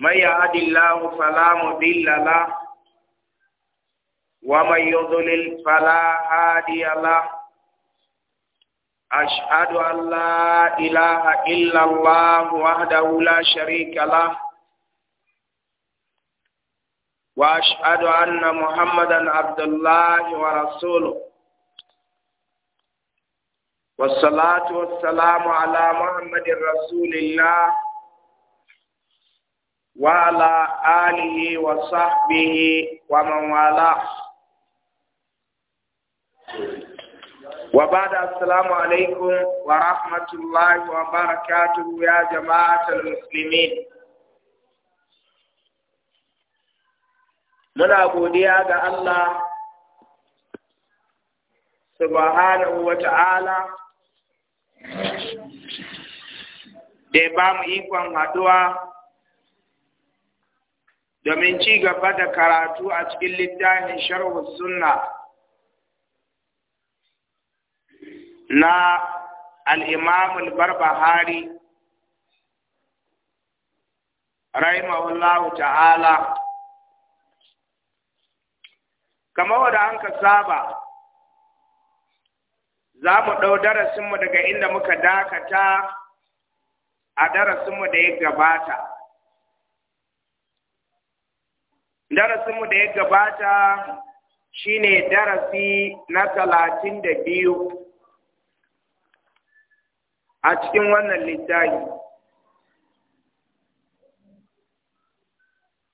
من يهد الله فلا مضل له ومن يضلل فلا هادي له أشهد أن لا إله إلا الله وحده لا شريك له وأشهد أن محمدا عبد الله ورسوله والصلاة والسلام على محمد رسول الله wala la'ali ne wasu abin yi kwananwana? Wabar da asalamu alaikum wa rahmatullahi wa barkatu ya jama'atar musulmin. Muna godiya ga Allah suba alahu ta'ala. Me ba mu ikon haduwa? domin ci gaba da karatu a cikin littafin sharhu sunna na al-imam al-barbahari rahimahullahu ta'ala kamar wanda an ka saba za mu ɗau darasinmu daga inda muka dakata a darasinmu da ya gabata darasinmu da ya gabata shine darasi na talatin da biyu a cikin wannan littafi.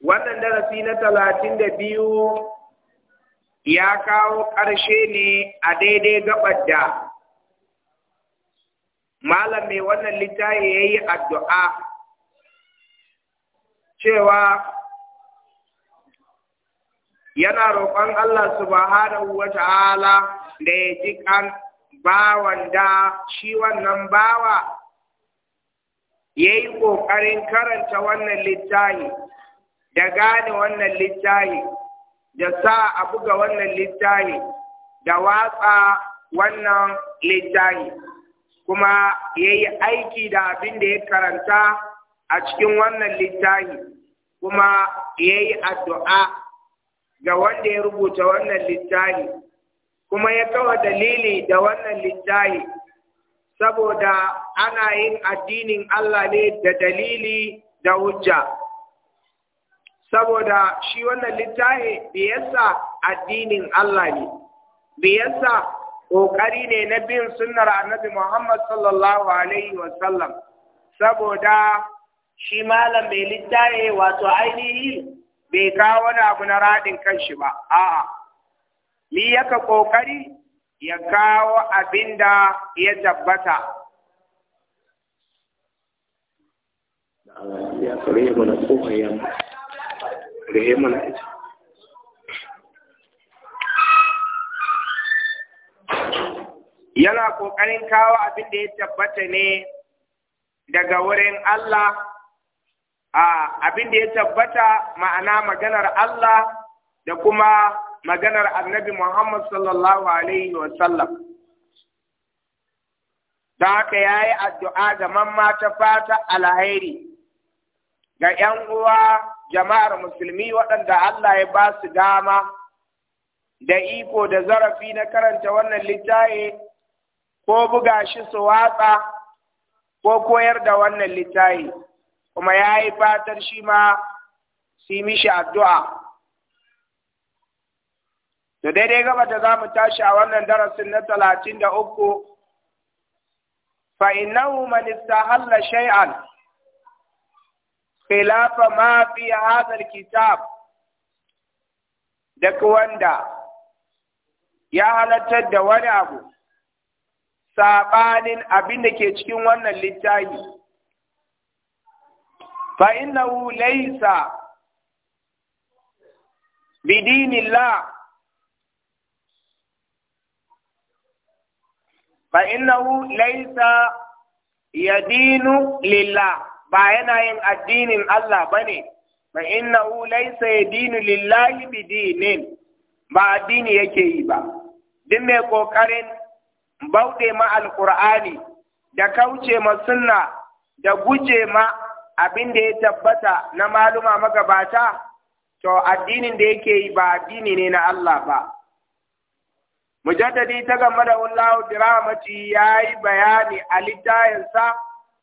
Wannan darasi na talatin da biyu ya kawo ƙarshe ne a daidai gabar da malam mai wannan littafi ya yi addu'a cewa yana roƙon Allah subhanahu wa ta'ala da ya ji kan bawan da shi wannan bawa ya yi ƙoƙarin karanta wannan littahi da gane wannan littahi da sa a buga wannan littahi da watsa wannan littahi kuma ya yi aiki da abin da ya karanta a cikin wannan littahi kuma ya yi addu'a ga wanda ya rubuta wannan littafi kuma ya kawo dalili da wannan littafi saboda ana yin addinin Allah ne da dalili da hujja saboda shi wannan littafi biyarsa addinin Allah ne biyarsa ƙoƙari ne na bin sunnar annabi Muhammad sallallahu alaihi wasallam saboda shi malam mai littafi wato ainihi bai kawo wani abu na raɗin shi ba a'a mi yaka ƙoƙari ya kawo abin da ya tabbata yana ƙoƙarin kawo abin da ya tabbata ne daga wurin Allah abin da ya tabbata ma'ana maganar Allah da kuma maganar annabi Muhammad sallallahu Alaihi wasallam. Da haka ya yi addu'a ga mamma ta fata alhairi ga ‘yan uwa jama'ar musulmi waɗanda Allah ya ba su dama da iko da zarafi na karanta wannan littaye ko buga shi su watsa ko koyar da wannan littaye. kuma ya yi fatar shi ma su mishi addu'a. Da daidai gaba da za mu tashi a wannan darasin na talatin da uku, fa'inahu man istahalla shay'an, khilafa ma fi hazar kitab, duk wanda ya halartar da wani abu, saɓanin abin da ke cikin wannan littafi. fa innahu laysa bidinillah fa innahu laysa yadinu lillah ba yana yin addinin Allah bane fa innahu laysa yadinu lillahi bidinin ba addini yake yi ba duk mai kokarin bauɗe ma alqur'ani da kauce ma sunna da guje ma abin da ya tabbata na maluma magabata to addinin da yake yi ba addini ne na Allah ba mujaddadi ta game da wallahu diramati ya yi bayani a littayensa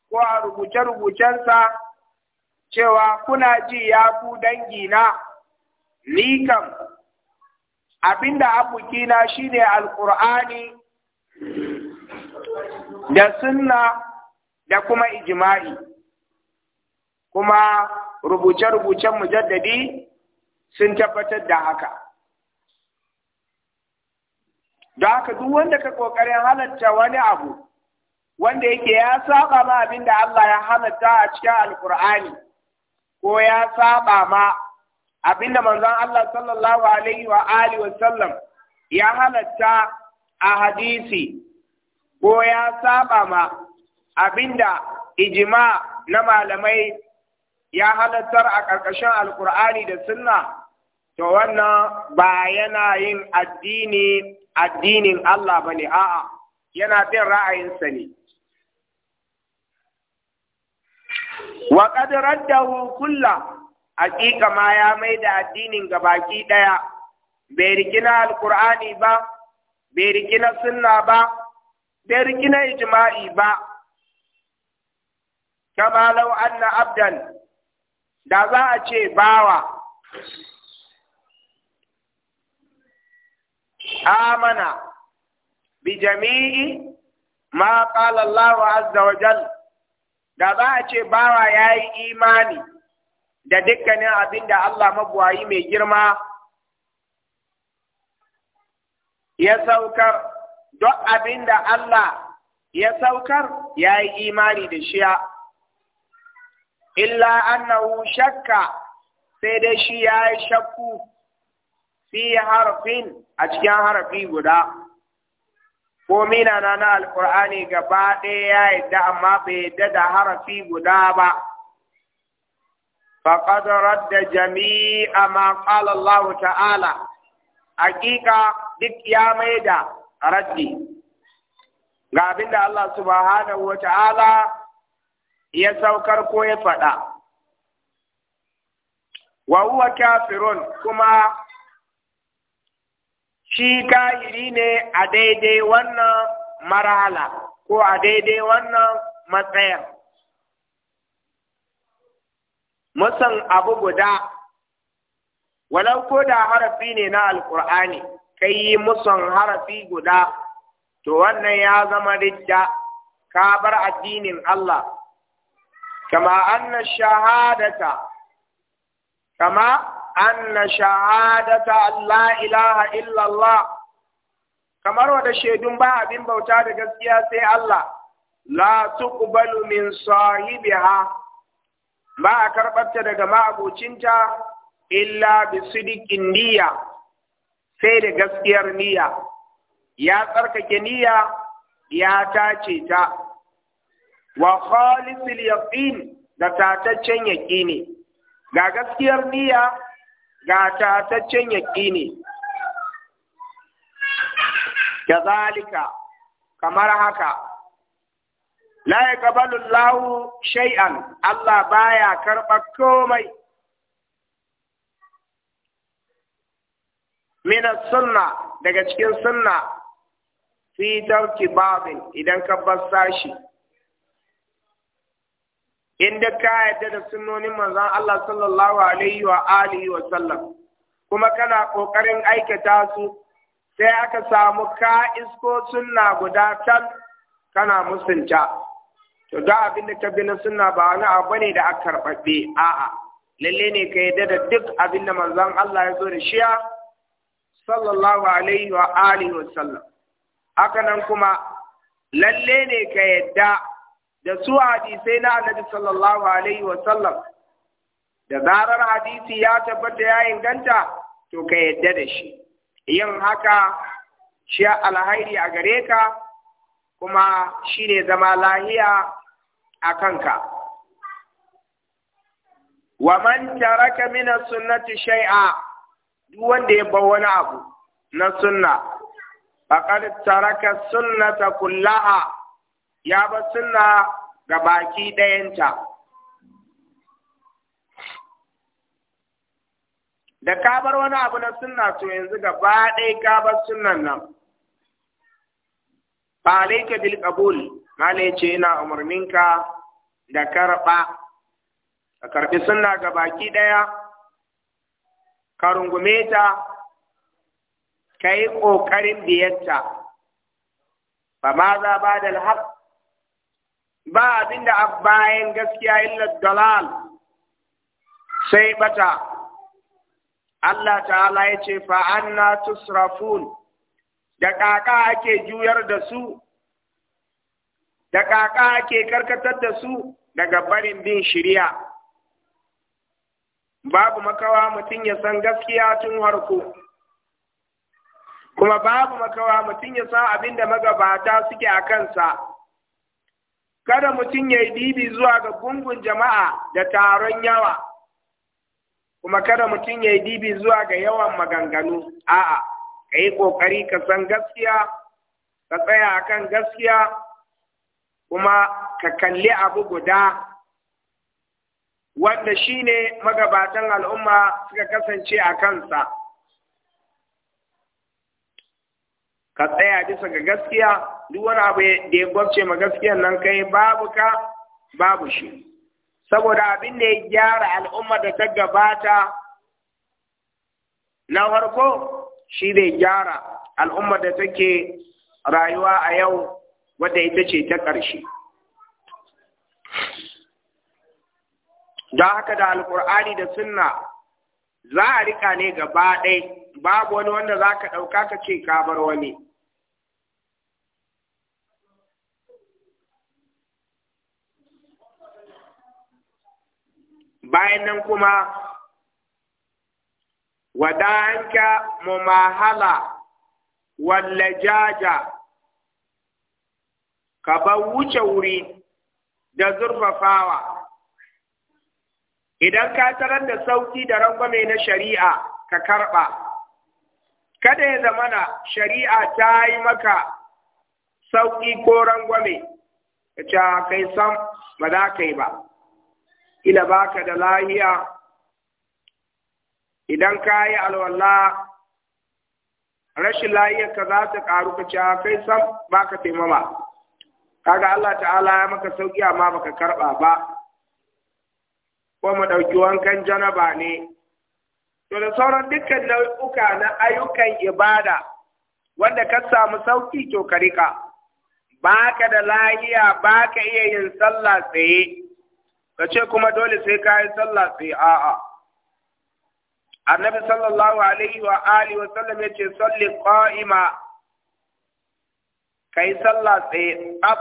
ko a rubuce-rubucensa cewa kuna ji ya ku na ni kam abinda abokina shine alkur'ani da sunna da kuma ijma'i kuma rubuce-rubucen mujaddadi sun tabbatar da haka da haka duk wanda ka ƙoƙarin halatta wani abu wanda yake ya saba ma abin da Allah ya halatta a cikin Alƙur'ani, ko ya saba ma abin da manzon Allah sallallahu alaihi wa alihi wa sallam ya halatta a hadisi ko ya saba ma abin da ijima na malamai ya halattar a ƙarƙashin Alƙur'ani da sunna to wannan ba yana yin addini addinin Allah ba ne a'a yana bin ra'ayinsa ne wa qad raddahu kullah haƙiƙa ma ya mai da addinin gabaki baki ɗaya bai rikina Alƙur'ani ba bai rikina sunna ba bai rikina ijma'i ba kama lau anna abdan da za a ce bawa amana bi jami'i ma qala Allah azza wa jal da za a ce bawa yayi imani da dukkanin abin da Allah mabuwayi mai girma ya saukar duk abin da Allah ya saukar yayi imani da shiya illa annahu shakka sai dai shi ya yi shakku fi harfin a cikin harfi guda ko mina na na alkur'ani gaba ɗaya ya yi da, amma bai yadda da harafi guda ba faqad radda jami'a a maƙalar Allah ta'ala haƙiƙa duk ya maida raddi ga abinda Allah subhanahu wa ta'ala ya saukar ko ya faɗa wa huwa kafirun kuma shi kahiri ne a daidai wannan marala ko a daidai wannan matsayar musan abu guda walau ko da harafi ne na alkur'ani kai yi musan harafi guda to wannan ya zama rijja ka bar addinin Allah kama anna shahadata kama ilaha illallah kamar wada shaidun ba abin bauta da gaskiya sai Allah la tuqbalu min sahibiha ba a karɓarta daga ma'abocinta illa bi sidiqin niyya sai da gaskiyar niyya ya tsarkake niyya ya tace ta wa khalisil yaqin da tataccen yaqini ga gaskiyar niyya ga tataccen yaqini kazalika kamar haka la yaqbalu Allahu shay'an Allah baya karɓar komai min sunna daga cikin sunna fi tarki babin idan ka bar shi. in da ka yadda da sunonin manzon Allah sallallahu alaihi wa alihi wa sallam kuma kana kokarin aikata su sai aka samu ka isko sunna guda tal kana musunta to da abin da ka bi sunna ba wani abu ne da aka karɓaɓɓe a'a lalle ne ka yadda da duk abin da manzon Allah ya zo da shiya sallallahu alaihi wa alihi wa sallam haka nan kuma lalle ne ka yadda da su hadisai na annabi sallallahu alaihi wa sallam da zarar hadisi ya tabbata ya inganta to ka yadda da shi yin haka shi alhairi a gare ka kuma shi ne zama lahiya a kanka wa man taraka min sunnati shay'a duk wanda ya bar wani abu na sunna faqad taraka sunnata kullaha ya bar sunna ga baki ɗayanta da ka bar wani abu na sunna to yanzu gaba ɗaya ka bar sunnan nan ba alaika bil qabul mala ce ina umarninka da karɓa ka karɓi sunna ga baki ɗaya ka rungume ta ka yi ƙoƙarin biyar ba ma za ba da alhaq ba abin da bayan gaskiya illa dalal sai bata Allah ta'ala ya ce fa'anna tusrafun da kaka ake juyar da su da kaka ake karkatar da su daga barin bin shirya babu makawa mutum ya san gaskiya tun harko kuma babu makawa mutum ya san abin da magabata suke a kansa kada mutum ya yi bibi zuwa ga gungun jama'a da taron yawa kuma kada mutum ya yi dibi zuwa ga yawan maganganu a'a ka yi ƙoƙari ka san gaskiya ka tsaya a kan gaskiya kuma ka kalli abu guda wanda shi ne magabatan al'umma suka kasance a kansa ka tsaya bisa ga gaskiya duk wani abu da ya gwabce ma gaskiyar nan kai babu ka babu shi saboda abin da ya gyara al'umma da ta gabata na farko shi da gyara al'umma da take rayuwa a yau wadda ita ce ta ƙarshe don haka da alkur'ani da sunna za a rika ne gaba ɗaya babu wani wanda za ka ɗauka ka ce ka bar wani bayan nan kuma wadanka mumahala jaja ka bar wuce wuri da zurfafawa idan ka tarar da sauki da rangwame na shari'a ka karɓa kada ya zamana shari'a ta yi maka sauƙi ko rangwame ka ce kai sam ba za ka yi ba ila baka da lahiya idan ka yi alwala rashin lahiyarka za ta karu ka cewa kai sam ka taimama kaga Allah ta'ala ya maka sauki amma baka karɓa ba ko mu ɗauki wankan janaba ne to da sauran dukkan nau'uka na ayyukan ibada wanda ka samu sauki to ka rika baka da lahiya baka iya yin sallah tsaye ka ce kuma dole sai ka yi sallah sai a'a annabi sallallahu alaihi wa alihi wa sallam ce salli qa'ima kai sallah tsaye ab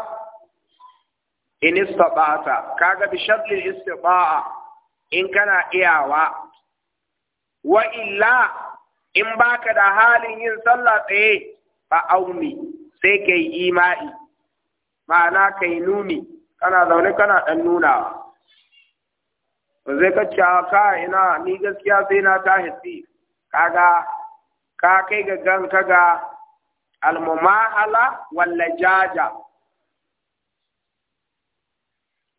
in Ka kaga bi shartu istita'a in kana iyawa wa illa in baka da halin yin sallah tsaye fa aumi sai kai imai ma'ana kai nuni kana zaune kana dan nunawa ba zai ka ka ina ni gaskiya sai na ta hissi kaga ka kai ga gan kaga almumahala walla jaja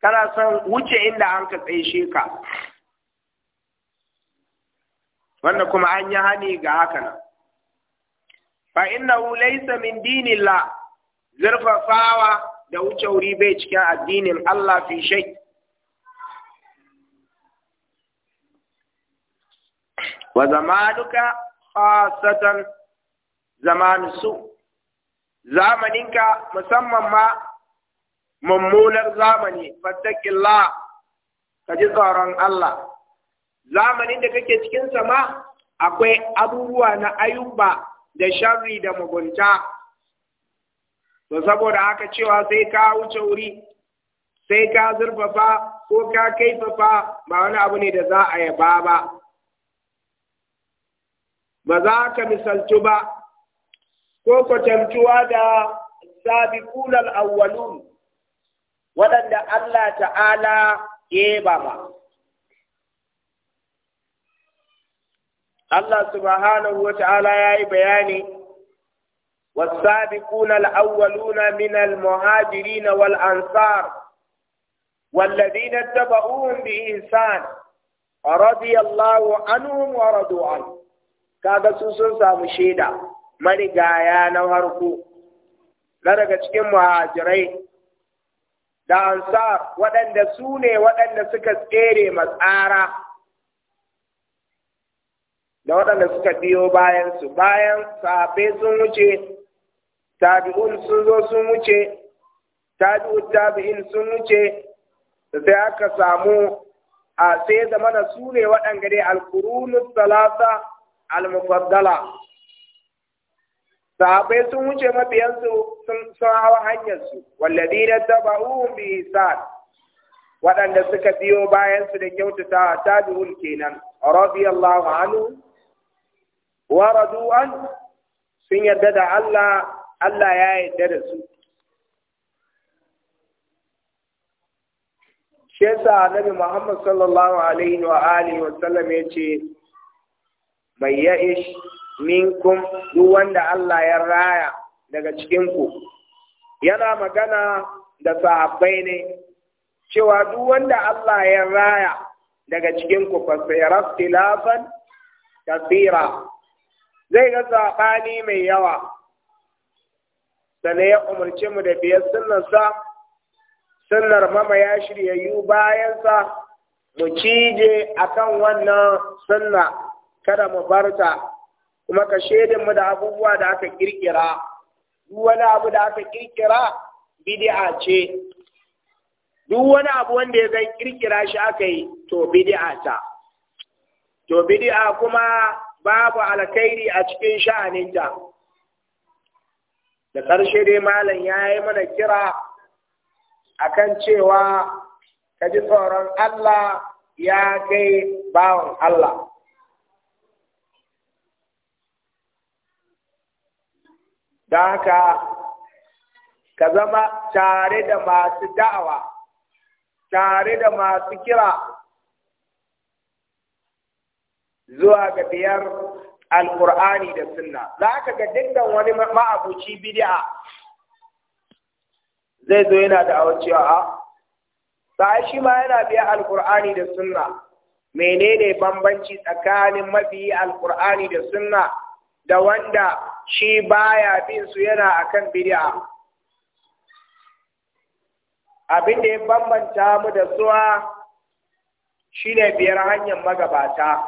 kana son wuce inda an ka tsaye ka wanda kuma an yi hani ga haka nan fa inna laysa min dinillah zurfafawa da wuce wuri bai cikin addinin Allah fi wa zamanuka khasatan zamanu su zamaninka musamman ma mummunar zamani Fatakilla. ka ji tsaron Allah zamanin da kake cikin sama akwai abubuwa na ayuba da sharri da mugunta to saboda haka cewa sai ka wuce wuri sai ka zurfafa ko ka kaifafa ba wani abu ne da za a yaba ba فذاك مثل تبا كوكا تمتوا السابقون الأولون ولن الله تعالى يبابا الله سبحانه وتعالى يا بياني والسابقون الأولون من المهاجرين والأنصار والذين اتبعوهم بإنسان رضي الله عنهم ورضوا عنه kaga su sun samu shaida marigaya na harko na daga cikin muhajirai da ansar waɗanda su ne waɗanda suka tsere matsara da waɗanda suka biyo bayansu bayan sabe sun wuce tabi'un sun zo sun wuce tabi'un tabi'in sun wuce da sai aka samu a sai mana su ne waɗanda dai alkurunus salasa المفضلة سابسون جمع بيانسو سنسوا هانيسو والذين تبعوهم بإحسان وأن سكتيو بيانسو لكيو تتعتادوا الكينان رضي الله عنه وردوا أن سن يدد الله الله ياي درسو شيسا النبي محمد صلى الله عليه وآله وسلم يتشير bai ya ish minkum duk wanda Allah ya raya daga cikinku yana magana da sahabbai ne cewa duk wanda Allah ya raya daga cikinku fasayara tilafan kasira zai ga saɓani mai yawa sannan ya umarci mu da biyar sunnarsa sunnar mama ya shiryayyu bayansa mu cije akan wannan sunna kada mu barta kuma ka shaida mu da abubuwa da aka kirkira duk wani abu da aka kirkira bid'a ce duk wani abu wanda ya zan kirkira shi aka yi to bid'a ta to bid'a kuma babu alkhairi a cikin sha'aninta da ƙarshe dai malam ya yi mana kira akan cewa kaji tsoron Allah ya kai bawan Allah don ka zama tare da masu da'awa tare da masu kira zuwa ga biyar alkur'ani da sunna za ka ga dukkan wani ma'abuci bid'a zai zo yana da awar cewa a ah, sai shi ma yana biya alkur'ani da sunna menene bambanci tsakanin mabiyi alkur'ani da sunna da wanda shi baya bin su yana akan bid'a abin da ya bambanta mu da suwa shine biyar hanyar magabata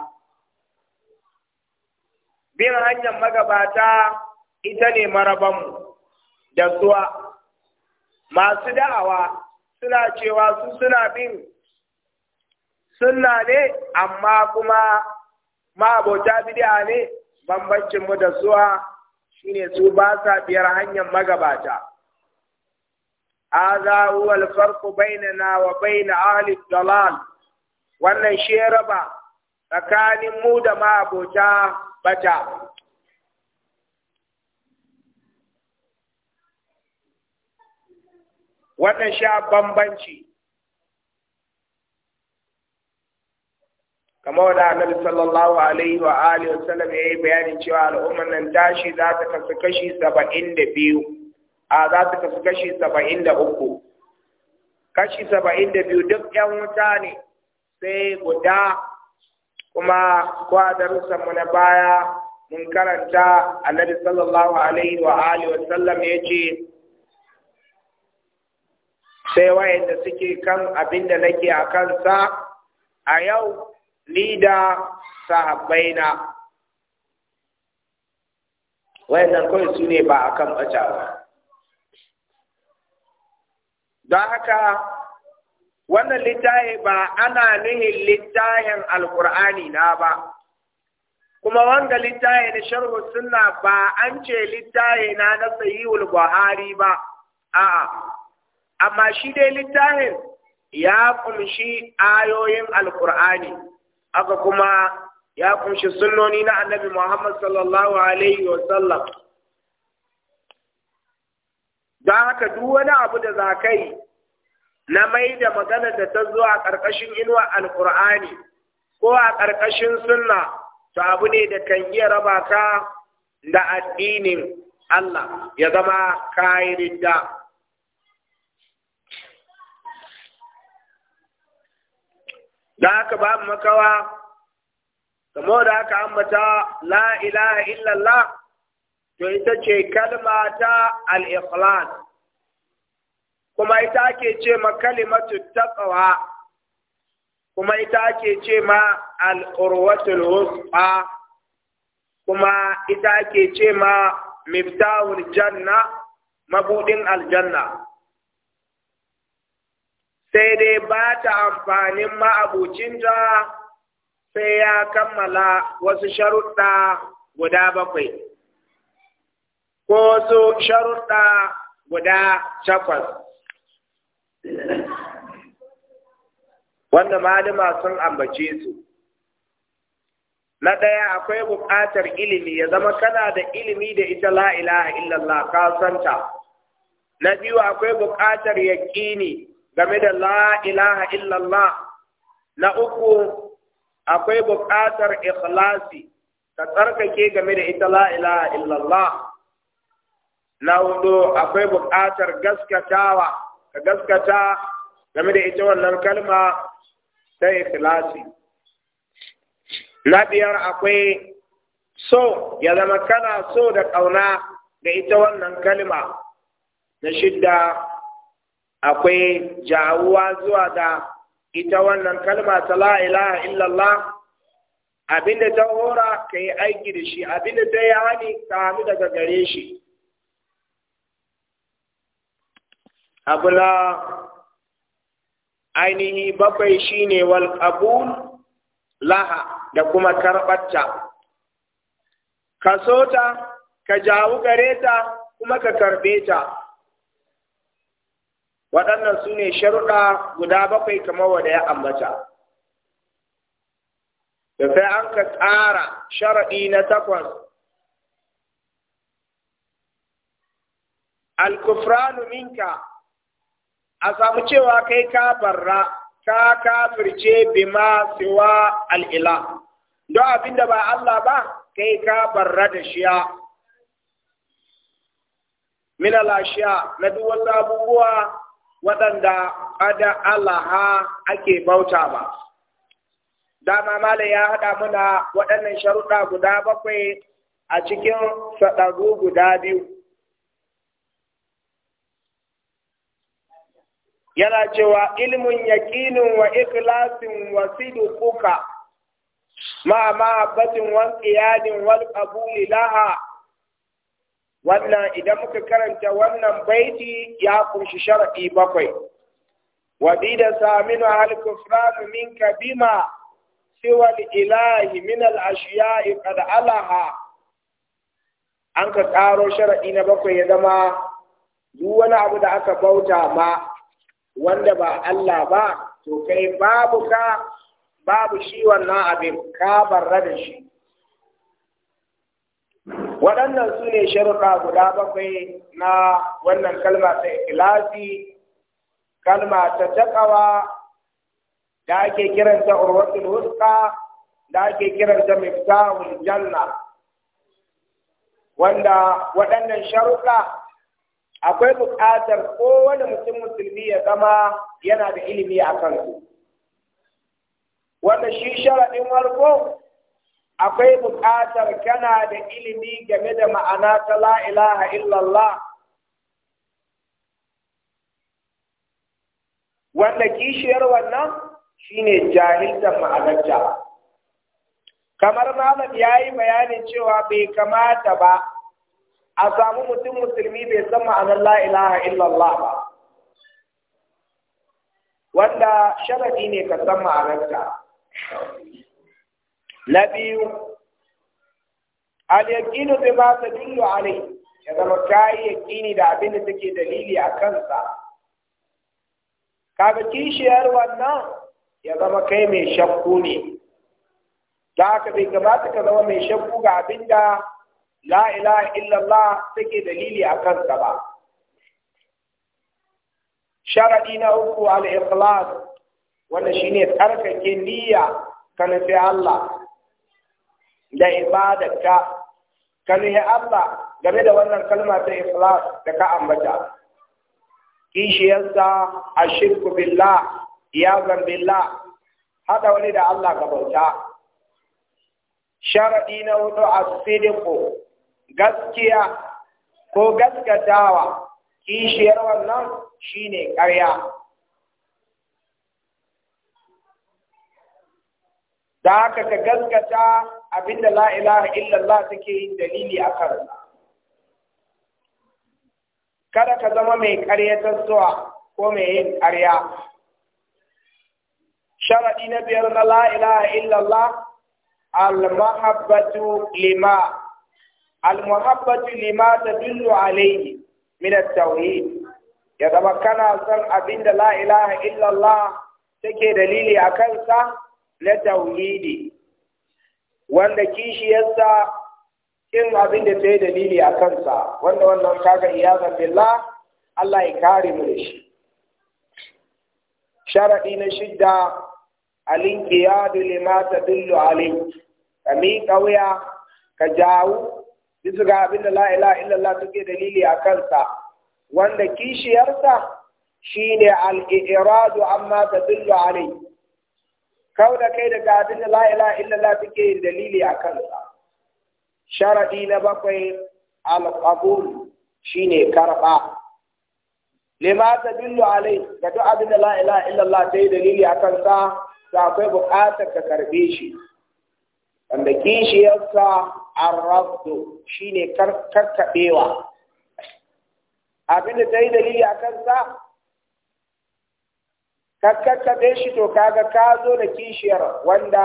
biyar hanyar magabata ita ne marabanmu da zuwa. masu da'awa suna cewa su suna bin sunna ne amma kuma ma'abota bid'a ne bambancin mu da suwa shine su ba sa biyar hanyar magabata hadha huwa al-farqu bainana wa bain ahli dalal wannan shi raba tsakanin mu da ma abota bata wannan sha bambanci kamar wanda annabi sallallahu alaihi wa alihi wa sallam ya yi bayanin cewa al'ummar nan tashi za ta kasu kashi saba'in da biyu a za ta kasu kashi saba'in da uku kashi saba'in da biyu duk yan wuta ne sai guda kuma kwa mu na baya mun karanta annabi sallallahu alaihi wa alihi wa sallam ya ce sai wayanda suke kan abin da nake a kansa a yau ni da sahabbaina wayannan kawai su ne ba a kan ɓaca ba don haka wannan littafi ba ana nuhin littafin alkur'ani na ba kuma wanga littafi na sharhu suna ba an ce littafi na na buhari ba a'a amma shi dai littafin ya kunshi ayoyin alkur'ani aka kuma ya kunshi sunnoni na annabi Muhammad sallallahu alaihi wa sallam don haka duk wani abu da za na mai da magana da ta zo a ƙarƙashin inuwa alƙur'ani ko a ƙarƙashin sunna to abu ne da kan iya raba ka da addinin Allah ya zama kayi ridda. da haka mu makawa kamar da aka ambata la ilaha illallah to ita ce kalma ta al-ikhlas kuma ita ake ce ma kalimatu taqwa kuma ita ake ce ma al-urwatul wusqa kuma ita ke ce ma miftahul janna mabudin aljanna sai dai ba ta amfanin ma'abucinta sai ya kammala wasu sharuɗa guda bakwai, ko wasu sharuɗa guda takwas. Wanda malama sun ambace su. Na ɗaya akwai buƙatar ilimi ya zama kana da ilimi da ita la ilaha illallah ka santa. Na biyu akwai buƙatar yaƙini game da la ilaha illallah na uku akwai buƙatar ikhlasi ka tsarkake game da ita la ilaha illallah na hudu akwai buƙatar gaskatawa ka gaskata game da ita wannan kalma ta ikhlasi na biyar akwai so ya zama kana so da ƙauna ga ita wannan kalma na shidda akwai jawuwa zuwa da ita wannan kalma ta la ilaha illallah abinda ta hora ka yi aiki da shi abinda ta yi hani ka hannu daga gare shi abu na ainihi bakwai shine wal qabul laha da kuma karɓarta ka so ta ka jawo gare ta kuma ka karɓe ta waɗannan su ne sharuɗa guda bakwai kamar da ya ambata da sai an ka tsara sharaɗi na takwas alkufranu minka a samu cewa kai ka barra ka kafirce bima siwa al'ila don abin da ba Allah ba kai ka barra da shiya min alashiya na duk wasu abubuwa waɗanda ada ha ake bauta ba. Dama Malam ya haɗa muna waɗannan sharuɗa guda bakwai a cikin saɗaru guda biyu. Yana cewa ilmin yaƙinin wa ikhlasin wa kuka ma ma abbatin wal qiyadin wal qabuli laha wannan idan muka karanta wannan baiti ya kunshi sharadi bakwai wa saminu al kufran minka bima siwa ilahi min al ashiya'i qad alaha an ka karo sharadi na bakwai ya zama duk wani abu da aka bauta ma wanda ba Allah ba to kai babu ka babu shi wannan abin ka barra da shi waɗannan su ne sharuɗa guda bakwai na wannan kalma ta ikilasi kalma ta taƙawa da ake kiranta urwatul Huska, da ake kiranta miftahul janna wanda waɗannan sharuɗa akwai buƙatar kowane mutum musulmi ya zama yana da ilimi a kansu wanda shi sharaɗin farko akwai buƙatar kana da ilimi game da ma'ana ta la ilaha illallah wanda kishiyar wannan shine jahiltar ma'anarta kamar malam ya yi bayanin cewa bai kamata ba a samu mutum musulmi bai san ma'anar la ilaha illallah ba wanda sharadi ne ka san ma'anarta na biyu al-yaqinu bima tadullu alayhi ya zama kayi da abin da take dalili a kansa kaga kishiyar wannan ya zama kai mai shakku ne da haka bai gabata ka zama mai shakku ga abin da la illallah take dalili a kansa ba sharaɗi na uku al-ikhlas wanda shine tsarkake niyya kana sai Allah da ibadarka ka nuhi Allah game da wannan kalma ta ikhlas da ka ambata kishiyarsa shirku billah ya billah hada wani da Allah ka bauta sharaɗi na hudu asidiku gaskiya ko gaskatawa kishiyar wannan shine ƙarya da haka ka gaskata abinda la ilaha illallah take yin dalili a kan kada ka zama mai ta zuwa ko mai yin ƙarya sharaɗi na biyar na la ilaha illallah al-mahabbatu lima al-mahabbatu lima tadullu alayhi min at-tauhid ya zama kana san abinda la ilaha illallah take dalili a kansa na tauhidi wanda kishiyarsa in abin da ta dalili a kansa wanda wannan kaga iyazan billah Allah ya kare mu da shi sharaɗi na shidda alin qiyadu lima tadullu alayhi ka kawya wuya ka jawo bisa ga abin da la ilaha illallah take dalili a kansa wanda kishiyarsa shine al-iradu amma tadullu alayhi kawo da kai daga abin da la'ila illallah suke dalili a kansa sharaɗi na bakwai alƙabul shine karɓa lima ta dillu alai da duk abin da la'ila illallah ta yi dalili a kansa to akwai buƙatar ka karɓe shi wanda kishiyarsa arrabdu shine karkaɓewa abin da ta yi dalili a kansa ka kakkaɓe shi to kaga ka zo da kishiyar wanda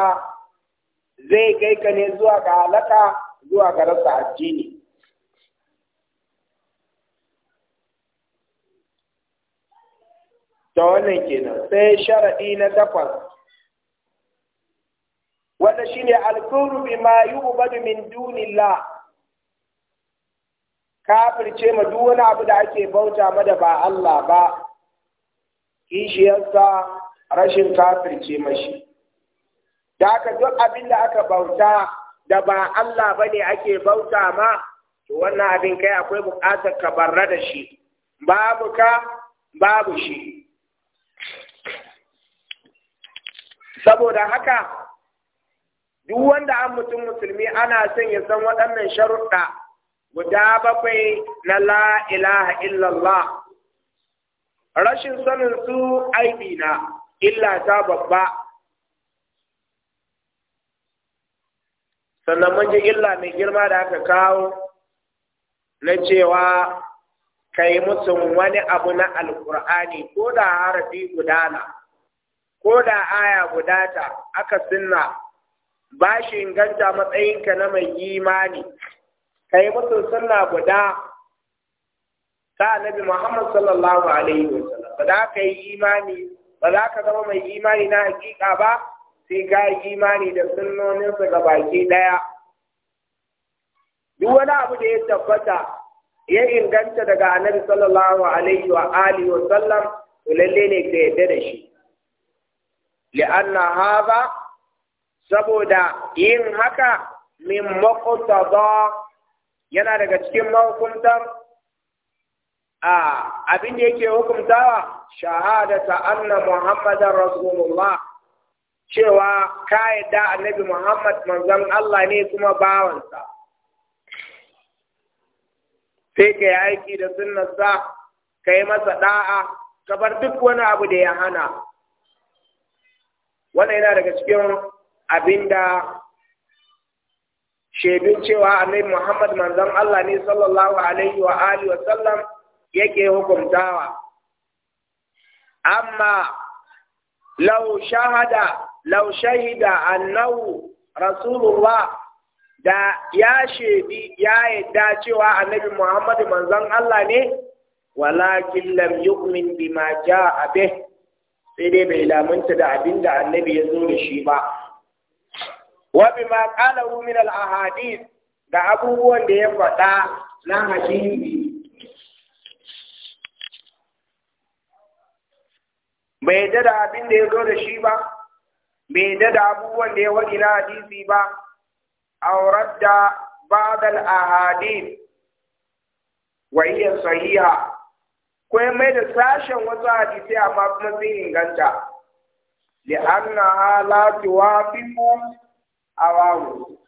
zai kai ka ne zuwa ga halaka zuwa ga rasa addini ta wannan kenan sai sharaɗi na takwas wanda shine alkuru bima yu'badu min dunillah kafirce ma duk wani abu da ake bauta ma da ba Allah ba kishiyarsa rashin kafirce mashi da aka duk abin da aka bauta da ba Allah ba ne ake bauta ma to wannan abin kai akwai buƙatar ka barra da shi babu ka babu shi saboda haka duk wanda an mutum musulmi ana son ya san waɗannan sharuɗa guda bakwai na la ilaha illallah rashin sanin su aibi na illa ta babba sannan mun ji illa mai girma da aka kawo na cewa ka yi musu wani abu na alkur'ani ko da harafi gudana ko da aya gudata aka sinna ba shi inganta matsayinka na mai imani yi mutum sunna guda sa annabi Muhammad sallallahu alaihi wa sallam ba za ka yi imani ba ka zama mai imani na hakika ba sai ka yi imani da sunnoninsa ga baki daya duk wani abu da ya tabbata ya inganta daga annabi sallallahu alaihi wa alihi wa sallam to lalle ne ka yadda da shi li'anna hadha saboda yin haka min maqtada yana daga cikin mahukuntar A'a, abin da yake hukuntawa shahadata anna muhammadar rasulullah cewa ka yadda annabi muhammad manzon Allah ne kuma bawansa sai ka yi aiki da sunnarsa ka yi masa da'a ka bar duk wani abu da ya hana wannan yana daga cikin abin da cewa annabi muhammad manzon Allah ne sallallahu alaihi wa alihi wa sallam yake hukumtawa, amma law shahada law shahida annahu rasulullah da ya shebi ya yadda cewa annabi Muhammadu manzon Allah ne walakin lam yu'min bima jaa bih sai dai bai lamunta da abinda annabi ya zo da shi ba wa bima qalahu min al ahadith da abubuwan da ya faɗa na hadisi bai dada da abin da ya zo da shi ba bai dada da abubuwan da ya waɗi na hadisi ba aurar da ba'dal a wa hiya sahiha ko ya mai da sashen wasu hadisi a kuma sun inganta li'annaha la a awamu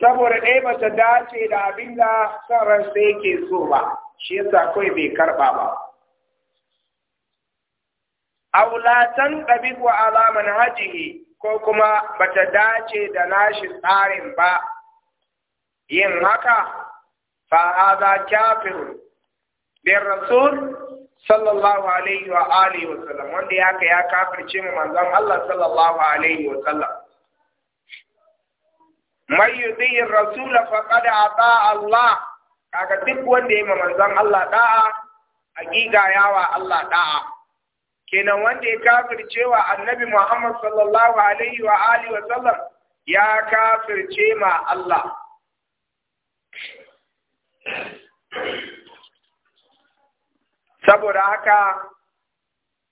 saboda ɗaya ba ta dace da abin da son ransa yake so ba shi yasa kawai bai karɓa ba aw la tantabiqu ala manhajihi ko kuma bata dace da nashi tsarin ba yin haka fa hadha kafir bin rasul sallallahu alaihi wa alihi wa sallam wanda yaka ya kafirce mu manzon Allah sallallahu alaihi wa sallam man yudhi ar-rasul faqad ata Allah kaga duk wanda ya yayi manzon Allah da'a hakika yawa Allah da'a kenan wanda ya kafirce wa annabi Muhammad sallallahu alaihi wa alihi wa sallam ya kafirce ma Allah saboda haka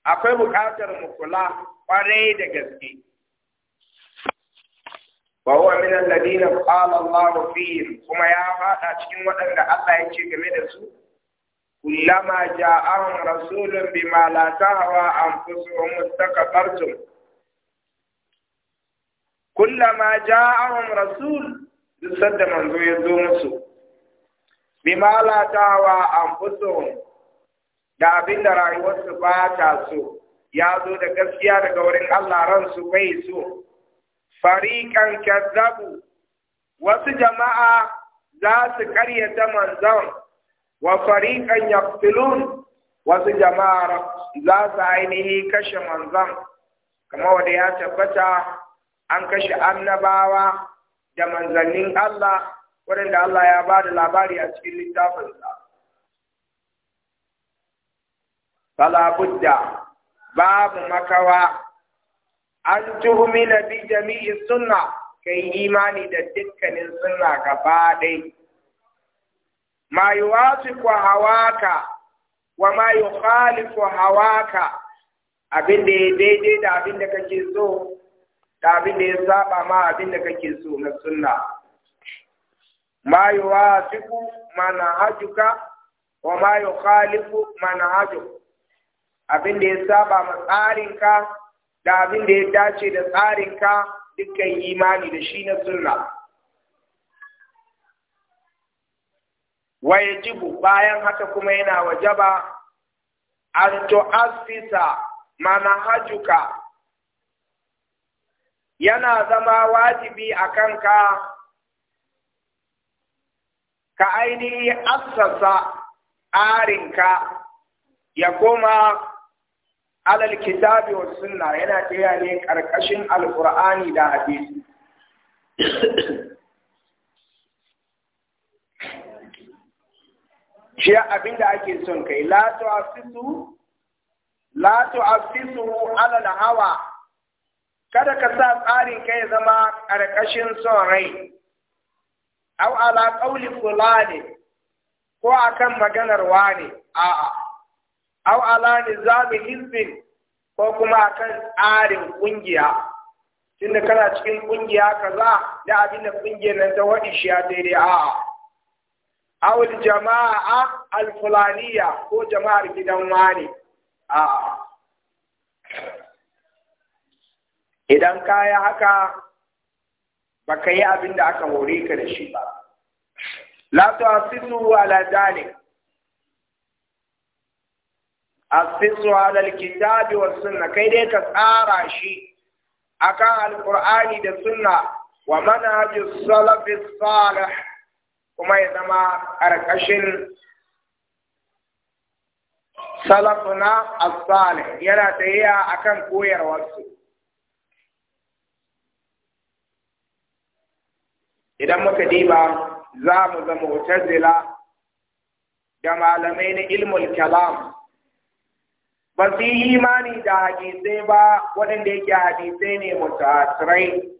akwai bukatar mu kula kwarai da gaske wa huwa min alladhina qala Allahu fihim kuma ya fada cikin waɗanda Allah ya ce game da su كلما جاءهم رسول بما لا تهوى أنفسهم استكبرتم كلما جاءهم رسول يصد منذ يدومسوا بما لا تهوى أنفسهم da abin da rayuwarsu ba ta so ya zo da gaskiya daga wurin Allah ransu bai so fariƙan kazzabu wasu jama'a za su karyata manzon wa fariqan yaqtulun wasu jama'a za su ainihi kashe manzan, kama wanda ya tabbata an kashe annabawa da manzannin Allah waɗanda Allah ya ba da labari a cikin littafinsa. Fala budda babu makawa an tuhumi na bi jami'i sunna kai imani da dukkanin sunna gaba ɗaya. ma yuwasiqu hawaka wa ma yukhalifu hawaka abin da ya daidai da abin da kake so da abin da ya saba ma abin da kake so na sunna ma mana manhajuka wa ma yukhalifu manhajuka abin da ya saba ma tsarinka da abin da ya dace da tsarinka dukkan imani da shi na sunna wa yajibu bayan haka kuma yana wajaba an tu'assisa manhajuka yana zama wajibi a kanka ka ainihi assasa arinka ya koma alal kitabi wa sunna yana tayani ƙarƙashin alƙur'ani da hadisi shi abin da ake son kai la tu'assisu la hawa kada ka sa tsarin kai zama karkashin son rai au ala qawli fulani ko akan maganar wani a'a Au ala nizami hizbin ko kuma akan tsarin kungiya tunda kana cikin kungiya kaza da abin da kungiyar nan ta wadi shi daidai a'a awul jama'a a alfulaniya ko jama'ar gidan wani a idan kaya haka baka yi abin da aka hore ka da shi ba la tu'sisu ala dalik asisu ala alkitabi was sunna kai dai ka tsara shi akan alqur'ani da sunna wa manhajus salafis salih kuma ya zama ƙarƙashin salafuna as yana tsayiya akan koyarwarsu idan muka diba za mu zama mu'tazila da malamai na ilmul kalam ba su yi imani da hadisai ba waɗanda yake hadisai ne mutasirai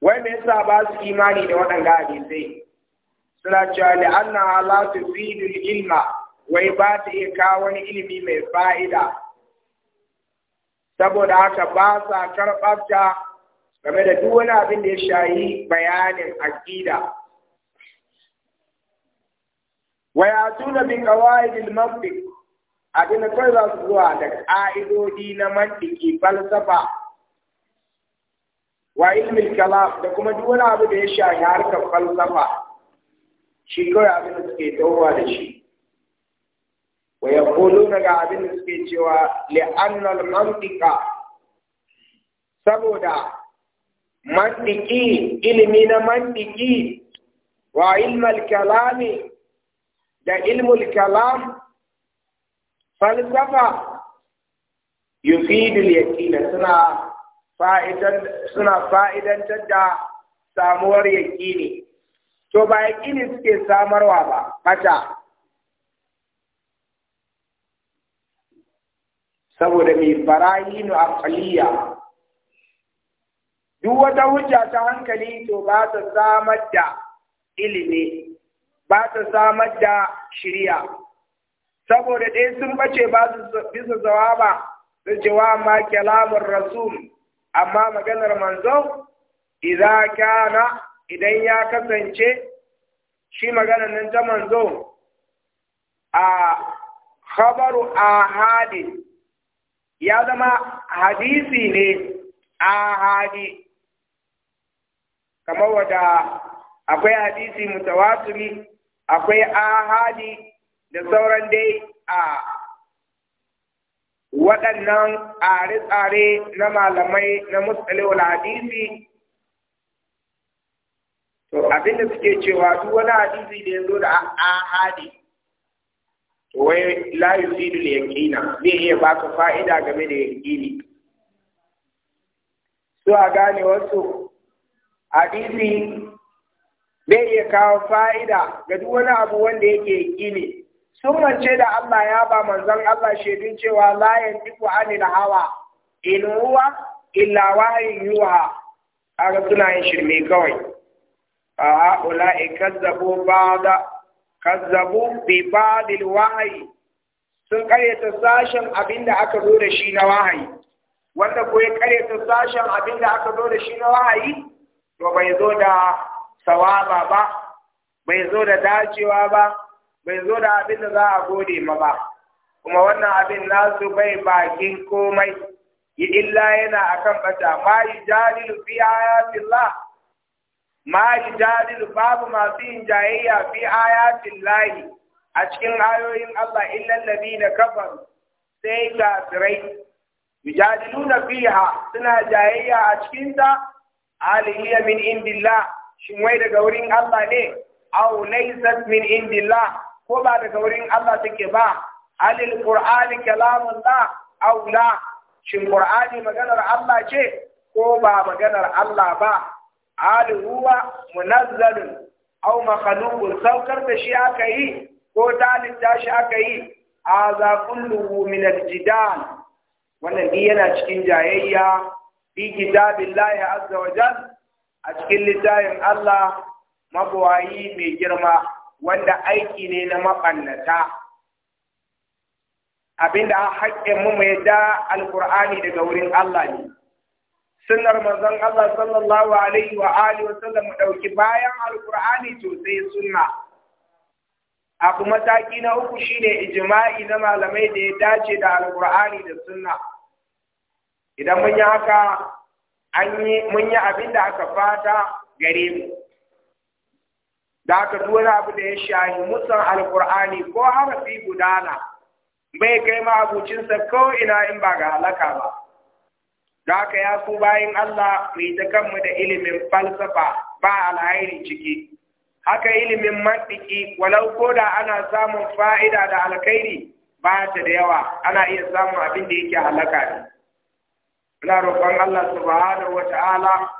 wai me yasa ba su imani da waɗanda hadisai suna cewa da na halatu tufidu ilma wai ba ta iya kawo wani ilimi mai fa'ida saboda haka ba sa karɓarta game da duk wani abin da ya shayi bayanin aƙida wai a tuna bin qawaidil mafi abin da kawai za su zuwa da ƙa'idodi na mantiki falsafa wa ilmi kalam da kuma duk wani abu da ya shafi harkar falsafa shi kawai abin da suke tsohuwa da shi wa ya kolo daga abin da suke cewa li'annal mantika saboda mantiki ilimi na mantiki wa ilmal kalami da ilmul kalam falsafa yufidul yaqina suna suna fa'idan da samuwar yaƙini to ba yaƙini suke samarwa ba mata saboda mai a aqliya duk wata hujja ta hankali to ba ta samar da ilimi ba ta samar da shirya saboda ɗaya sun bace ba su bisa zawaba da cewa ma kalamun rasul amma maganar manzo idza kana idan ya kasance shi maganar nan ta manzo a khabaru ahadi ya zama hadisi ne ahadi kamar wada akwai hadisi mutawatiri akwai ahadi da sauran dai a waɗannan tsare-tsare na malamai na musulun hadisi to abin da suke cewa duk wani hadisi da ya zo da ahadi to wai layu yusidu yankina, zai iya baka fa'ida game da yankini. su a gane wasu hadisi zai iya kawo fa'ida ga duk wani abu wanda yake yaqini sun rance da Allah ya ba manzon Allah shaidun cewa la yantiqu da hawa in huwa illa wahyin yuha kaga suna yin shirme kawai a ulai kazzabu ba'da kazzabu bi ba'dil wahayi sun karyata sashen abin da aka zo da shi na wahayi wanda ko ya karyata sashen abin da aka zo da shi na wahayi to bai zo da sawaba ba bai zo da dacewa ba bai zo da abin da za a gode ma ba kuma wannan abin nasu bai bakin komai yi illa yana kan bata ma yi jalilu fi la, ma yi jalilu babu masu yin jayayya fi lahi! a cikin ayoyin Allah labi na kafar sai ga kafirai yujadiluna fiha suna jayayya a cikin ta alhiya min indillah shin wai daga wurin Allah ne aw laysat min indillah ko ba daga wurin Allah take ba alil qur'ani kalamun la aw la shin qur'ani maganar Allah ce ko ba maganar Allah ba hal huwa munazzalun aw makhluqun saukar da shi aka yi ko talita shi aka yi a kulluhu min al-jidal wannan bi yana cikin jayayya fi kitabillahi azza wa jalla a cikin littafin Allah mabuwayi mai girma wanda aiki ne na maɓannata abinda haƙƙin mu mai da alƙur'ani daga wurin Allah ne sunnar manzon Allah sallallahu alaihi wa alihi wa sallam mu dauki bayan alƙur'ani to sai sunna abu mataki na uku shine ijma'i na malamai da ya dace da alƙur'ani da sunna idan mun yi haka an yi mun yi abinda aka fata gare mu da aka wani abu da ya shahi musan alkur'ani ko harafi gudana bai kai ma abucinsa ko ina in ba ga halaka ba da aka ya ku bayan Allah mai ta kanmu da ilimin falsafa ba alhairi ciki haka ilimin mantiki walau ko da ana samun fa'ida da alkhairi ba ta da yawa ana iya samun abin da yake halaka ne. Ina roƙon Allah subhanahu wa ta'ala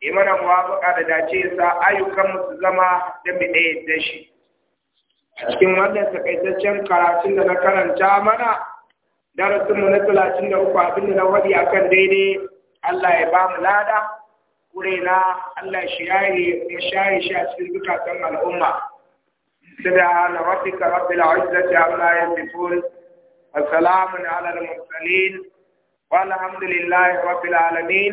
imana baka da dace sa ayyukan mu su zama da mu ɗaya da shi cikin wannan takaitaccen karatun da na karanta mana darasin mu na talatin da uku abin da na wadi akan daidai Allah ya ba mu lada kurena Allah shi yayi ya shaye shi a cikin dukkan al'umma سبحان ربك رب العزة عما يصفون وسلام على المرسلين والحمد لله رب العالمين